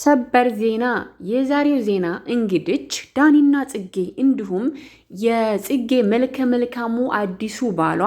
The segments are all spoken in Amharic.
ሰበር ዜና የዛሬው ዜና እንግዲህ ዳኒና ጽጌ እንዲሁም የጽጌ መልከ መልካሙ አዲሱ ባሏ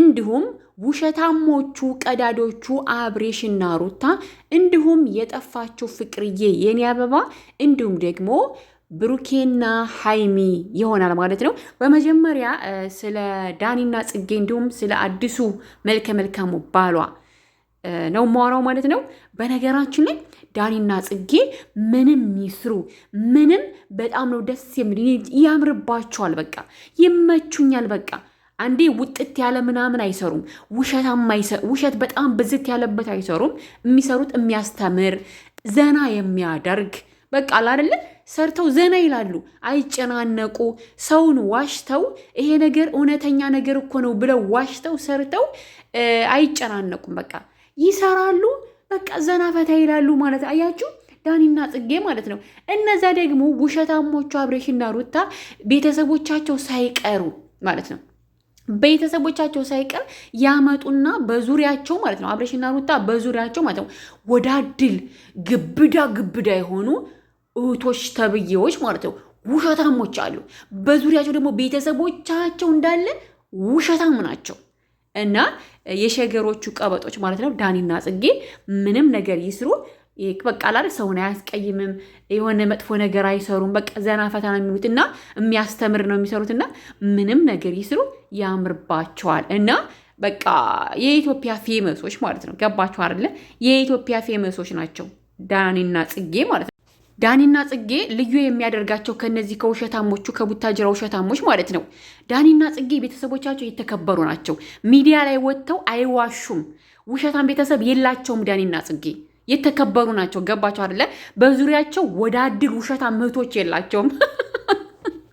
እንዲሁም ውሸታሞቹ ቀዳዶቹ አብሬሽና ሩታ እንዲሁም የጠፋቸው ፍቅርዬ የኔ አበባ እንዲሁም ደግሞ ብሩኬና ሀይሚ ይሆናል ማለት ነው። በመጀመሪያ ስለ ዳኒና ጽጌ እንዲሁም ስለ አዲሱ መልከ መልካሙ ባሏ ነው የማወራው ማለት ነው። በነገራችን ላይ ዳኒና ጽጌ ምንም ይስሩ ምንም በጣም ነው ደስ የሚል ያምርባቸዋል። በቃ ይመቹኛል። በቃ አንዴ ውጥት ያለ ምናምን አይሰሩም። ውሸት በጣም ብዝት ያለበት አይሰሩም። የሚሰሩት የሚያስተምር ዘና የሚያደርግ በቃ አላደለ ሰርተው ዘና ይላሉ። አይጨናነቁ ሰውን ዋሽተው ይሄ ነገር እውነተኛ ነገር እኮ ነው ብለው ዋሽተው ሰርተው አይጨናነቁም። በቃ ይሰራሉ፣ በቃ ዘና ፈታ ይላሉ ማለት አያችሁ። ዳኒና ጽጌ ማለት ነው። እነዛ ደግሞ ውሸታሞቹ አብሬሽና ሩታ ቤተሰቦቻቸው ሳይቀሩ ማለት ነው ቤተሰቦቻቸው ሳይቀር ያመጡና በዙሪያቸው ማለት ነው አብሬሽና ሩታ በዙሪያቸው ማለት ነው ወዳድል ግብዳ ግብዳ የሆኑ እህቶች ተብዬዎች ማለት ነው ውሸታሞች አሉ። በዙሪያቸው ደግሞ ቤተሰቦቻቸው እንዳለ ውሸታም ናቸው። እና የሸገሮቹ ቀበጦች ማለት ነው ዳኒና ጽጌ ምንም ነገር ይስሩ በቃ ላር ሰውን አያስቀይምም፣ የሆነ መጥፎ ነገር አይሰሩም። በቃ ዘና ፈታ ነው የሚሉት እና የሚያስተምር ነው የሚሰሩት እና ምንም ነገር ይስሩ ያምርባቸዋል። እና በቃ የኢትዮጵያ ፌመሶች ማለት ነው ገባቸው አይደለ? የኢትዮጵያ ፌመሶች ናቸው ዳኒና ጽጌ ማለት ነው። ዳኒና ጽጌ ልዩ የሚያደርጋቸው ከነዚህ ከውሸታሞቹ ከቡታጅራ ውሸታሞች ማለት ነው። ዳኒና ጽጌ ቤተሰቦቻቸው የተከበሩ ናቸው። ሚዲያ ላይ ወጥተው አይዋሹም። ውሸታም ቤተሰብ የላቸውም። ዳኒና ጽጌ የተከበሩ ናቸው። ገባቸው አይደለ? በዙሪያቸው ወዳድር ውሸታም እህቶች የላቸውም።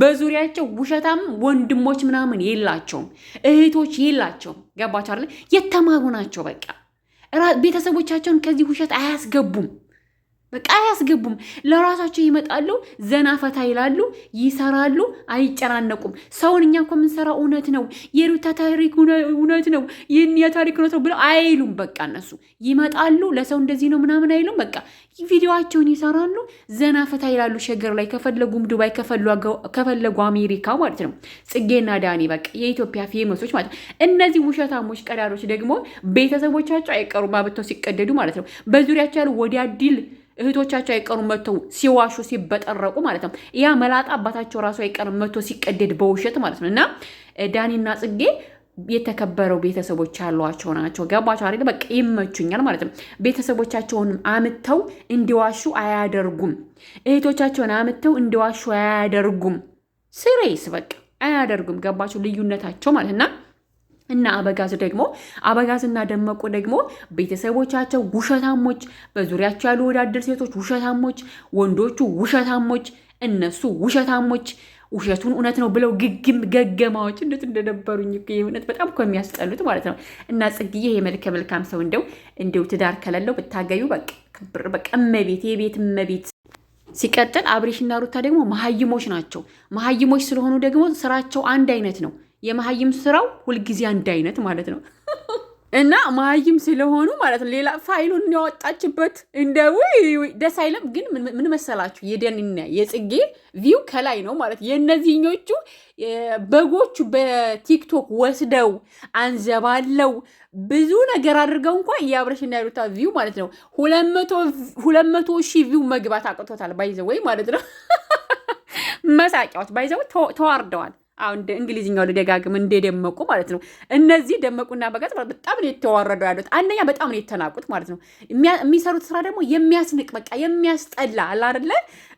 በዙሪያቸው ውሸታም ወንድሞች ምናምን የላቸውም፣ እህቶች የላቸውም። ገባቸው አይደለ? የተማሩ ናቸው። በቃ ቤተሰቦቻቸውን ከዚህ ውሸት አያስገቡም። በቃ አያስገቡም። ለራሳቸው ይመጣሉ፣ ዘና ፈታ ይላሉ፣ ይሰራሉ፣ አይጨናነቁም። ሰውን እኛ እኮ የምንሰራው እውነት ነው፣ የሩታ ታሪክ እውነት ነው፣ ይህን የታሪክ እውነት ነው ብለው አይሉም። በቃ እነሱ ይመጣሉ፣ ለሰው እንደዚህ ነው ምናምን አይሉም። በቃ ቪዲዮቸውን ይሰራሉ፣ ዘና ፈታ ይላሉ። ሸገር ላይ ከፈለጉም ዱባይ ከፈለጉ አሜሪካ ማለት ነው። ጽጌና ዳኒ በቃ የኢትዮጵያ ፌመሶች ማለት ነው። እነዚህ ውሸታሞች ቀዳሮች ደግሞ ቤተሰቦቻቸው አይቀሩም አብተው ሲቀደዱ ማለት ነው። በዙሪያቸው ያሉ ወዲያ ዲል እህቶቻቸው አይቀሩ መጥተው ሲዋሹ ሲበጠረቁ ማለት ነው። ያ መላጣ አባታቸው ራሱ አይቀርም መጥቶ ሲቀደድ በውሸት ማለት ነው። እና ዳኒና ጽጌ የተከበረው ቤተሰቦች ያሏቸው ናቸው። ገባቸው አይደል? በቃ ይመቹኛል ማለት ነው። ቤተሰቦቻቸውን አምተው እንዲዋሹ አያደርጉም። እህቶቻቸውን አምተው እንዲዋሹ አያደርጉም። ስሬስ በቃ አያደርጉም። ገባቸው ልዩነታቸው ማለት እና እና አበጋዝ ደግሞ አበጋዝ እና ደመቁ ደግሞ ቤተሰቦቻቸው ውሸታሞች፣ በዙሪያቸው ያሉ ወዳደር ሴቶች ውሸታሞች፣ ወንዶቹ ውሸታሞች፣ እነሱ ውሸታሞች ውሸቱን እውነት ነው ብለው ግግም ገገማዎች እንዴት እንደነበሩኝ እውነት በጣም እኮ የሚያስጠሉት ማለት ነው። እና ጽግዬ የመልከ መልካም ሰው እንደው እንደው ትዳር ከሌለው ብታገዩ በቅብር በቀመቤት የቤት መቤት ሲቀጥል አብሬሽና ሩታ ደግሞ መሀይሞች ናቸው። መሀይሞች ስለሆኑ ደግሞ ስራቸው አንድ አይነት ነው። የመሀይም ስራው ሁልጊዜ አንድ አይነት ማለት ነው እና መሀይም ስለሆኑ ማለት ነው። ሌላ ፋይሉን ያወጣችበት እንደ ደስ አይለም። ግን ምን መሰላችሁ የደንና የጽጌ ቪው ከላይ ነው ማለት የእነዚህኞቹ በጎቹ በቲክቶክ ወስደው አንዘባለው ብዙ ነገር አድርገው እንኳ እያብረሽ የሩታ ቪው ማለት ነው ሁለት መቶ ሺህ ቪው መግባት አቅቶታል። ወይ ማለት ነው መሳቂያዎች ባይዘው ተዋርደዋል። አሁን እንግሊዝኛው ልደጋግም እንደደመቁ ማለት ነው። እነዚህ ደመቁና በጋዝ በጣም ነው የተዋረዱ ያሉት። አንደኛ በጣም ነው የተናቁት ማለት ነው። የሚሰሩት ስራ ደግሞ የሚያስንቅ በቃ የሚያስጠላ አላርለ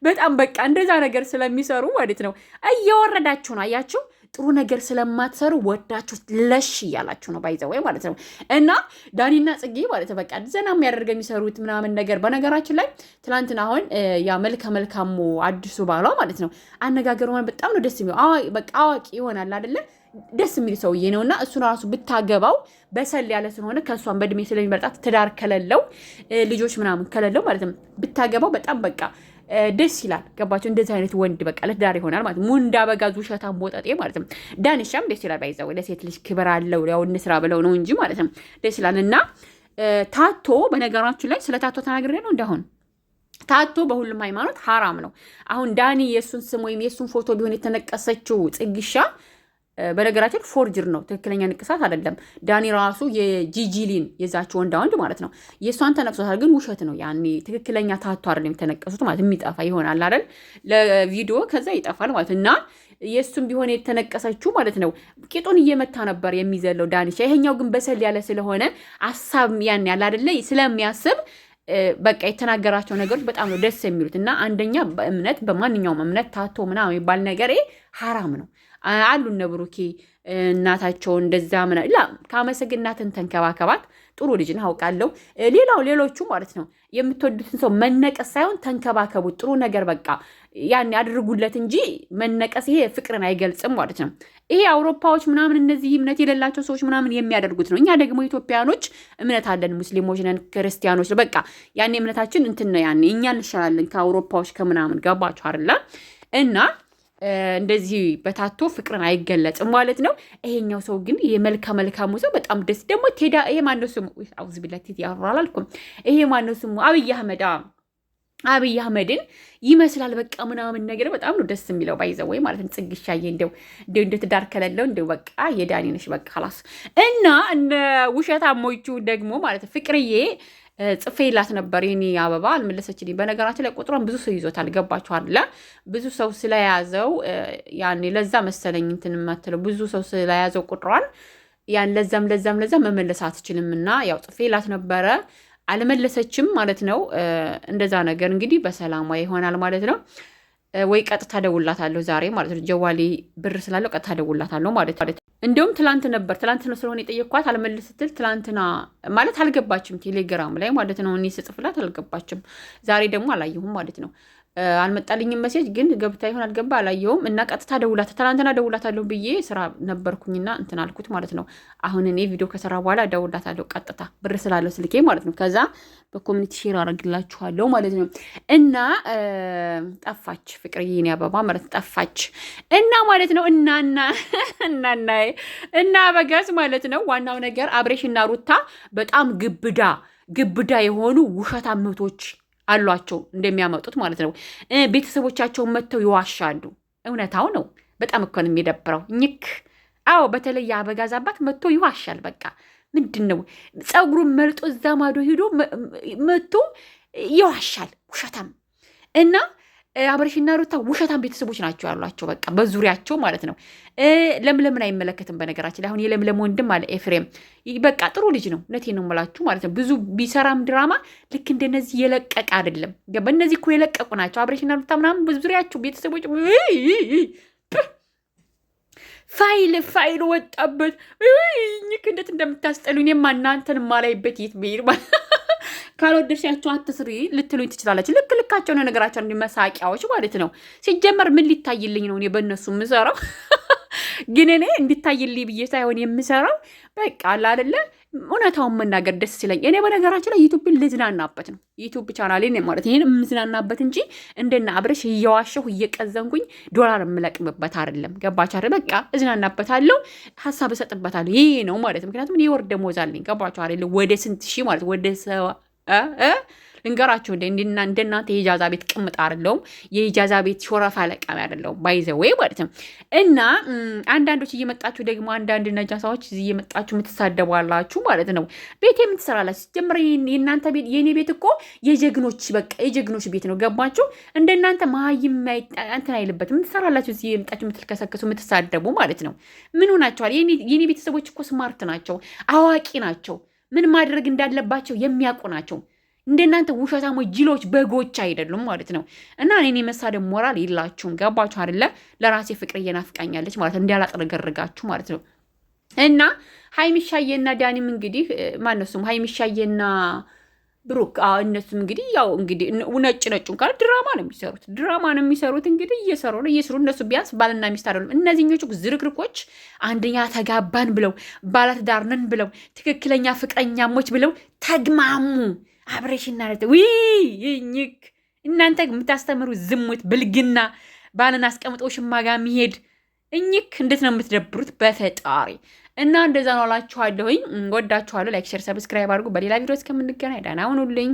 በጣም በቃ እንደዛ ነገር ስለሚሰሩ ማለት ነው። እየወረዳችሁ ነው አያችሁ። ጥሩ ነገር ስለማትሰሩ ወዳችሁ ለሽ እያላችሁ ነው ባይዘ ወይ ማለት ነው። እና ዳኒና ጽጌ ማለት በቃ ዘና የሚያደርገ የሚሰሩት ምናምን ነገር። በነገራችን ላይ ትናንትና አሁን ያ መልከ መልካሙ አዲሱ ባሏ ማለት ነው አነጋገሩ በጣም ነው ደስ የሚለው። በቃ አዋቂ ይሆናል አደለ ደስ የሚል ሰውዬ ነው እና እሱን ራሱ ብታገባው በሰል ያለ ስለሆነ ከእሷን በእድሜ ስለሚመርጣት ትዳር ከሌለው ልጆች ምናምን ከሌለው ማለት ነው ብታገባው በጣም በቃ ደስ ይላል። ገባቸው እንደዚህ አይነት ወንድ በቃ ለትዳር ይሆናል ማለት ሙንዳ በጋዝ ውሸታም ሞጠጤ ማለት ነው። ዳንሻም ደስ ይላል። ባይዛው ለሴት ልጅ ክብር አለው። ያው እንስራ ብለው ነው እንጂ ማለት ነው። ደስ ይላል እና ታቶ በነገራችን ላይ ስለ ታቶ ተናግሬ ነው እንዳሁን ታቶ በሁሉም ሃይማኖት ሀራም ነው። አሁን ዳኒ የእሱን ስም ወይም የእሱን ፎቶ ቢሆን የተነቀሰችው ጽግሻ በነገራችን ፎርጅር ነው፣ ትክክለኛ ንቅሳት አይደለም። ዳኒ ራሱ የጂጂሊን የዛች ወንዳ ወንድ ማለት ነው የእሷን ተነቅሶታል፣ ግን ውሸት ነው። ያኔ ትክክለኛ ታቶ አይደለም የተነቀሱት ማለት የሚጠፋ ይሆናል አይደል? ለቪዲዮ ከዛ ይጠፋል ማለት እና የእሱም ቢሆን የተነቀሰችው ማለት ነው ቂጡን እየመታ ነበር የሚዘለው ዳኒሻ። ይሄኛው ግን በሰል ያለ ስለሆነ አሳብ ያን ያለ አይደለ ስለሚያስብ በቃ የተናገራቸው ነገሮች በጣም ነው ደስ የሚሉት እና አንደኛ በእምነት በማንኛውም እምነት ታቶ ምናምን የሚባል ነገር ሀራም ነው። አሉ እነ ብሩኬ እናታቸው እንደዛ ምና ላ ከአመሰግ እናትን ተንከባከባት። ጥሩ ልጅ ነው አውቃለሁ። ሌላው ሌሎቹ ማለት ነው የምትወዱትን ሰው መነቀስ ሳይሆን ተንከባከቡት። ጥሩ ነገር በቃ ያን ያድርጉለት እንጂ መነቀስ ይሄ ፍቅርን አይገልጽም ማለት ነው። ይሄ አውሮፓዎች ምናምን እነዚህ እምነት የሌላቸው ሰዎች ምናምን የሚያደርጉት ነው። እኛ ደግሞ ኢትዮጵያኖች እምነት አለን፣ ሙስሊሞች ነን፣ ክርስቲያኖች በቃ ያኔ እምነታችን እንትን ነው። ያን እኛ እንሻላለን ከአውሮፓዎች ከምናምን ገባቸው አይደለ እና እንደዚህ በታቶ ፍቅርን አይገለጽም ማለት ነው። ይሄኛው ሰው ግን የመልካ መልካሙ ሰው በጣም ደስ ደግሞ ቴዳ ይሄ ማነው ስሙ? አውዝ ቢላ አላልኩም። ይሄ ማነው ስሙ? አብይ አህመድ አብይ አህመድን ይመስላል በቃ ምናምን ነገር በጣም ነው ደስ የሚለው። ባይዘ ወይ ማለት ነው ጽግሻዬ፣ እንደው እንደው እንደ ትዳር ከሌለው እንደው በቃ የዳኒ ነሽ በቃ ላስ እና ውሸታሞቹ ደግሞ ማለት ፍቅርዬ ጽፌላት ነበር የኔ አበባ አልመለሰችልኝ። በነገራችን ላይ ቁጥሯን ብዙ ሰው ይዞታል። ገባችሁ ብዙ ሰው ስለያዘው ያኔ ለዛ መሰለኝ እንትን የማትለው ብዙ ሰው ስለያዘው ቁጥሯን ያን ለዛም ለዛም ለዛም መመለስ አትችልም እና ያው ጽፌላት ነበረ አልመለሰችም ማለት ነው። እንደዛ ነገር እንግዲህ በሰላማ ይሆናል ማለት ነው። ወይ ቀጥታ ደውላታለሁ ዛሬ ማለት ነው። ጀዋሌ ብር ስላለው ቀጥታ ደውላታለሁ ማለት ነው። እንዲሁም ትላንት ነበር ነው ስለሆነ የጠየኳት አልመልስ ስትል ትላንትና ማለት አልገባችም፣ ቴሌግራም ላይ ማለት ነው። እኔ ስጽፍላት አልገባችም። ዛሬ ደግሞ አላየሁም ማለት ነው። አልመጣልኝም መሴጅ ግን ገብታ ይሆን አልገባ አላየውም። እና ቀጥታ ደውላታ ትናንትና ደውላታለሁ ብዬ ስራ ነበርኩኝና እንትን አልኩት ማለት ነው። አሁን እኔ ቪዲዮ ከሰራ በኋላ ደውላታለሁ ቀጥታ ብር ስላለው ስልኬ ማለት ነው። ከዛ በኮሚኒቲ ሼር አረግላችኋለሁ ማለት ነው። እና ጠፋች ፍቅር ይህን አበባ ማለት ጠፋች እና ማለት ነው። እናና እናና እና በገዝ ማለት ነው። ዋናው ነገር አብሬሽ እና ሩታ በጣም ግብዳ ግብዳ የሆኑ ውሸታምቶች አሏቸው እንደሚያመጡት ማለት ነው። ቤተሰቦቻቸውን መጥተው ይዋሻሉ። እውነታው ነው። በጣም እኮ ነው የሚደብረው። ኝክ አዎ፣ በተለይ የአበጋዝ አባት መጥቶ ይዋሻል። በቃ ምንድን ነው ፀጉሩን መልጦ እዛ ማዶ ሂዶ መጥቶ ይዋሻል። ውሸታም እና አብርሽና ሩታ ውሸታም ቤተሰቦች ናቸው ያሏቸው፣ በቃ በዙሪያቸው ማለት ነው። ለምለምን አይመለከትም። በነገራችን ላይ አሁን የለምለም ወንድም አለ ኤፍሬም፣ በቃ ጥሩ ልጅ ነው። እውነቴን ነው የምላችሁ ማለት ነው። ብዙ ቢሰራም ድራማ ልክ እንደነዚህ የለቀቀ አይደለም። በእነዚህ እኮ የለቀቁ ናቸው። አብርሽና ሩታ ምናምን በዙሪያቸው ቤተሰቦች ፋይል ፋይል ወጣበት። ይህ ክንደት እንደምታስጠሉኝ እኔማ እናንተን ማላይበት የት ብሄድ ማለት ካልወደድሻቸው አትስሪ ልትሉኝ ትችላለች። ልክ ልካቸው ነው ነገራቸው፣ መሳቂያዎች ማለት ነው። ሲጀመር ምን ሊታይልኝ ነው እኔ በእነሱ የምሰራው? ግን እኔ እንዲታይልኝ ብዬ ሳይሆን የምሰራው በቃ አለ እውነታውን መናገር ደስ ሲለኝ። እኔ በነገራችን ላይ ዩቱብን ልዝናናበት ነው ዩቱብ ቻናሌን ማለት ይህን የምዝናናበት እንጂ እንደና አብረሽ እየዋሸሁ እየቀዘንኩኝ ዶላር የምለቅምበት አይደለም። ገባች አይደል? በቃ እዝናናበታለሁ፣ ሀሳብ እሰጥበታለሁ። ይሄ ነው ማለት ምክንያቱም የወር ደመወዝ አለኝ። ገባችሁ ወደ ስንት ሺህ ማለት ወደ ልንገራችሁ እንደ እንደናንተ የሂጃዛ ቤት ቅምጥ አይደለሁም። የሂጃዛ ቤት ሾረፋ ለቀም አይደለሁም። ባይዘወይ ማለት ነው። እና አንዳንዶች እየመጣችሁ ደግሞ አንዳንድ ነጃሳዎች እዚህ እየመጣችሁ የምትሳደቧላችሁ ማለት ነው። ቤት የምትሰራላችሁ ጀምረ የእናንተ ቤት የእኔ ቤት እኮ የጀግኖች በቃ የጀግኖች ቤት ነው። ገባችሁ? እንደናንተ መሀይም እንትን አይልበትም። የምትሰራላችሁ እዚህ የመጣችሁ የምትልከሰከሱ የምትሳደቡ ማለት ነው። ምን ሆናችኋል? የእኔ ቤተሰቦች እኮ ስማርት ናቸው፣ አዋቂ ናቸው። ምን ማድረግ እንዳለባቸው የሚያውቁ ናቸው። እንደናንተ ውሸታሞች፣ ጅሎች፣ በጎች አይደሉም ማለት ነው። እና እኔን የመሳደብ ሞራል የላችሁም። ገባችሁ አይደለ? ለራሴ ፍቅር እየናፍቃኛለች ማለት ነው። እንዳላጥረገርጋችሁ ማለት ነው። እና ሀይሚሻዬና ዳኒም እንግዲህ ማነሱም ሀይሚሻዬና ብሩክ እነሱም እንግዲህ ያው እንግዲህ ነጭ ነጩን ካለ ድራማ ነው የሚሰሩት። ድራማ ነው የሚሰሩት። እንግዲህ እየሰሩ ነው እየሰሩ እነሱ ቢያንስ ባልና ሚስት አይደሉም። እነዚህኞቹ ዝርክርኮች አንደኛ ተጋባን ብለው ባለትዳር ነን ብለው ትክክለኛ ፍቅረኛሞች ብለው ተግማሙ። እናለት ለት ይኝክ እናንተ የምታስተምሩ ዝሙት፣ ብልግና፣ ባልን አስቀምጦ ሽማጋ መሄድ እኝክ እንዴት ነው የምትደብሩት? በፈጣሪ እና እንደዛ ነው አላችኋለሁኝ። ወዳችኋለሁ። ላይክ፣ ሼር፣ ሰብስክራይብ አድርጉ። በሌላ ቪዲዮ እስከምንገናኝ ደህና ሁኑልኝ።